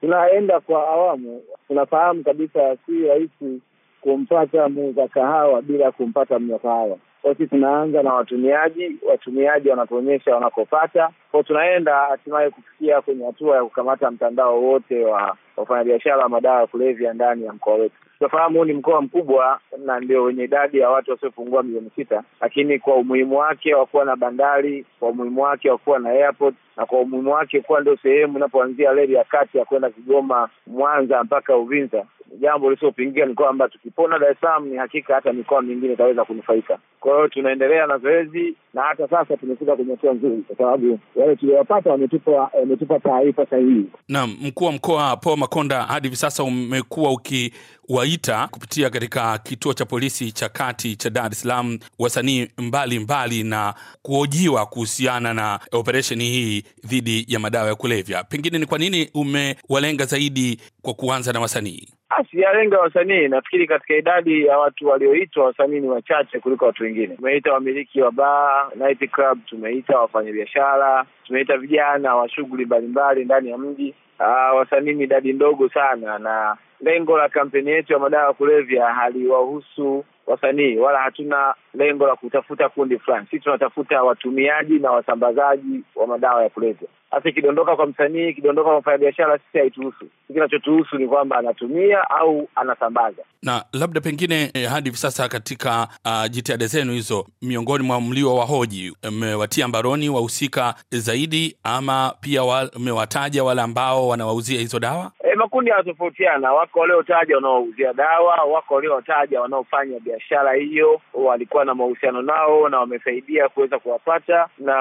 tunaenda kwa awamu. Tunafahamu kabisa si rahisi kumpata muuza kahawa bila kumpata mnywa kahawa. Kwa sisi tunaanza na watumiaji, watumiaji wanatuonyesha wanakopata, kwa tunaenda hatimaye kufikia kwenye hatua ya kukamata mtandao wote wa wafanyabiashara wa madawa ya kulevya ndani ya mkoa wetu. Tunafahamu huu ni mkoa mkubwa na ndio wenye idadi ya watu wasiopungua milioni sita, lakini kwa umuhimu wake wa kuwa na bandari, kwa umuhimu wake wa kuwa na airport, na kwa umuhimu wake kuwa ndio sehemu inapoanzia reli ya kati ya kwenda Kigoma, Mwanza mpaka Uvinza, jambo lisiopingia ni kwamba tukipona Dar es Salaam ni hakika hata mikoa mingine itaweza kunufaika. Kwa hiyo tunaendelea na zoezi, na hata sasa tumefika kwenye hatua nzuri, kwa sababu wale tuliowapata wametupa wametupa taarifa sahihi. Naam, mkuu wa mkoa Paul Makonda, hadi hivi sasa umekuwa ukiwaita kupitia katika kituo cha polisi cha kati cha Dar es Salaam wasanii mbalimbali na kuhojiwa kuhusiana na operesheni hii dhidi ya madawa ya kulevya, pengine ni kwa nini umewalenga zaidi kwa kuanza na wasanii? sijalenga wasanii, nafikiri katika idadi ya watu walioitwa wasanii ni wachache kuliko watu wengine. Tumeita wamiliki wa ba night club, tumeita wafanyabiashara, tumeita vijana wa shughuli mbalimbali ndani ya mji. Uh, wasanii ni idadi ndogo sana, na lengo la kampeni yetu ya madawa ya kulevya haliwahusu wasanii wala hatuna lengo la kutafuta kundi fulani. Sisi tunatafuta watumiaji na wasambazaji wa madawa ya kulevya. Hasa ikidondoka kwa msanii, ikidondoka kwa mfanyabiashara, sisi haituhusu. Kinachotuhusu ni kwamba anatumia au anasambaza. Na labda pengine, eh, hadi hivi sasa katika uh, jitihada zenu hizo, miongoni mwa mlio wa hoji mmewatia mbaroni wahusika zaidi, ama pia mmewataja wa, wale ambao wanawauzia hizo dawa? Eh, makundi yanatofautiana. Wako waliotaja wanaouzia dawa, wako waliotaja wanaofanya biashara hiyo, walikuwa na mahusiano nao na wamesaidia kuweza kuwapata, na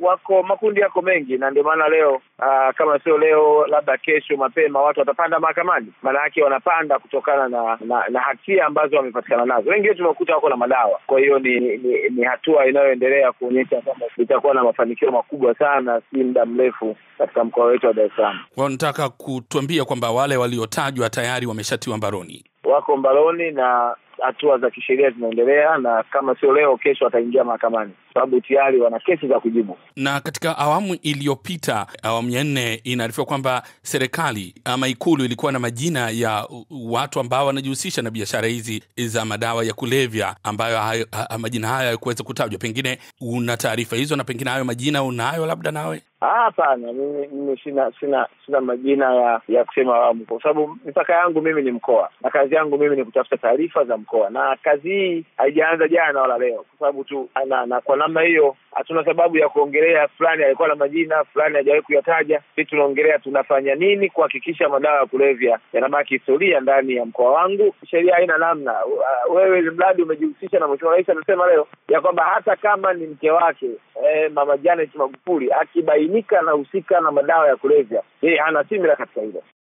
wako makundi yako mengi na ndio maana leo uh, kama sio leo, labda kesho mapema watu watapanda mahakamani, yake wanapanda kutokana na, na, na hatia ambazo wamepatikana nazo. Wengi wetu tumekuta wako na madawa, kwa hiyo ni, ni, ni hatua inayoendelea kuonyesha kwamba itakuwa na mafanikio makubwa sana, si muda mrefu katika mkoa wetu wa Dar Salaam. nataka kutuambia kwamba wale waliotajwa tayari wameshatiwa mbaroni, wako mbaroni na hatua za kisheria zinaendelea, na kama sio leo, kesho wataingia mahakamani, sababu tayari wana kesi za kujibu. Na katika awamu iliyopita, awamu ya nne, inaarifiwa kwamba serikali ama Ikulu ilikuwa na majina ya watu ambao wanajihusisha na biashara hizi za madawa ya kulevya, ambayo hayo, ha, majina hayo hayakuweza kutajwa. Pengine una taarifa hizo, na pengine hayo majina unayo labda nawe? Ah, hapana, mimi mimi sina sina sina majina ya ya kusema awamu, kwa sababu mipaka yangu mimi ni mkoa na kazi yangu mimi ni kutafuta taarifa za mkoa, na kazi hii haijaanza jana wala leo, kwa sababu tu na, na kwa namna hiyo hatuna sababu ya kuongelea fulani alikuwa na majina fulani hajawahi kuyataja. Sisi tunaongelea tunafanya nini kuhakikisha madawa ya kulevya yanabaki historia ndani ya mkoa wangu. Sheria haina namna, uh, wewe mradi umejihusisha na mheshimiwa rais amesema leo ya kwamba hata kama ni mke wake eh, mama Janet Magufuli akibainika anahusika na madawa ya kulevya, yeye hana simira katika hilo.